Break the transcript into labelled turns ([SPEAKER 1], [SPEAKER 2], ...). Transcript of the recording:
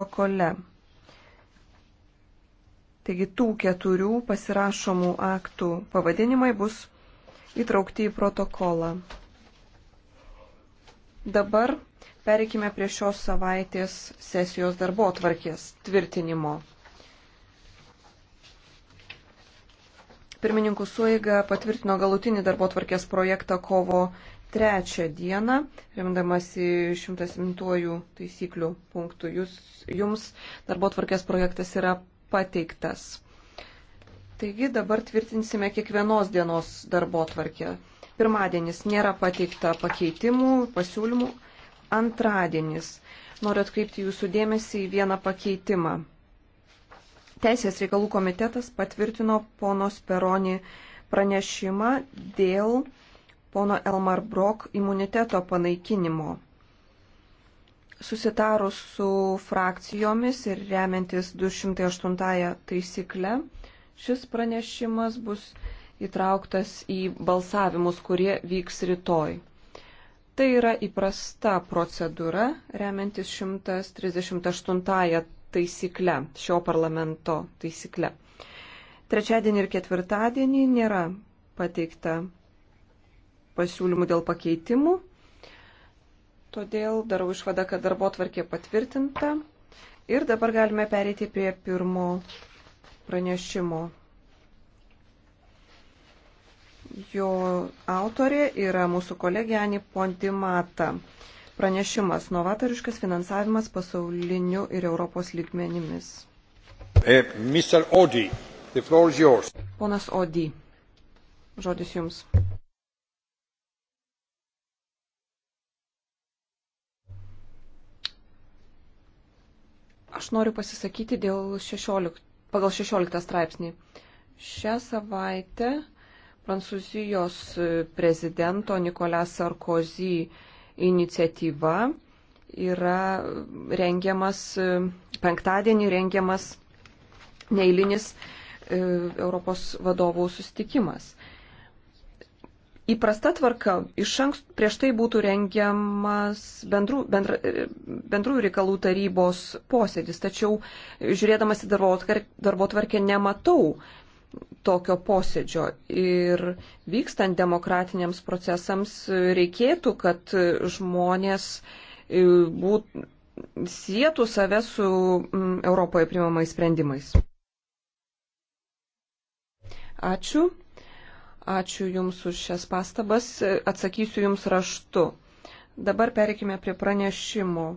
[SPEAKER 1] protokole. Taigi tų keturių pasirašomų aktų pavadinimai bus įtraukti į protokolą. Dabar pereikime prie šios savaitės sesijos darbo atvarkės tvirtinimo. Pirmininkų suiga patvirtino galutinį darbo tvarkės projektą kovo 3 dieną, remdamasi 107 taisyklių punktų. Jūs, jums darbo tvarkės projektas yra pateiktas. Taigi dabar tvirtinsime kiekvienos dienos darbo tvarkę. Pirmadienis nėra pateikta pakeitimų, pasiūlymų. Antradienis. Noriu atkreipti jūsų dėmesį į vieną pakeitimą. Teisės reikalų komitetas patvirtino ponos Peronį pranešimą dėl pono Elmar Brok imuniteto panaikinimo. Susitarus su frakcijomis ir remiantis 208 taisykle, šis pranešimas bus įtrauktas į balsavimus, kurie vyks rytoj. Tai yra įprasta procedūra, remiantis 138 taisykle, šio parlamento taisykle. Trečiadienį ir ketvirtadienį nėra pateikta pasiūlymų dėl pakeitimų, todėl darau išvadą, kad darbo tvarkė patvirtinta. Ir dabar galime pereiti prie pirmo pranešimo. Jo autorė yra mūsų kolegė Ani Pontimata. Pranešimas novatoriškas finansavimas pasauliniu ir Europos lygmenimis. E, Audi, Ponas Odi, žodis jums. Aš noriu pasisakyti dėl 16, pagal 16 straipsnį. Šią savaitę Prancūzijos prezidento Nikolas Sarkozy iniciatyva yra rengiamas, penktadienį rengiamas neįlinis e, Europos vadovų sustikimas. Įprasta tvarka iš anksto prieš tai būtų rengiamas bendrų, bendra, e, bendrųjų reikalų tarybos posėdis, tačiau žiūrėdamas į darbo tvarkę nematau tokio posėdžio. Ir vykstant demokratiniams procesams reikėtų, kad žmonės e, būt, sėtų save su Europoje primamais sprendimais. Ačiū. Ačiū Jums už šias pastabas. Atsakysiu Jums raštu. Dabar pereikime prie pranešimų.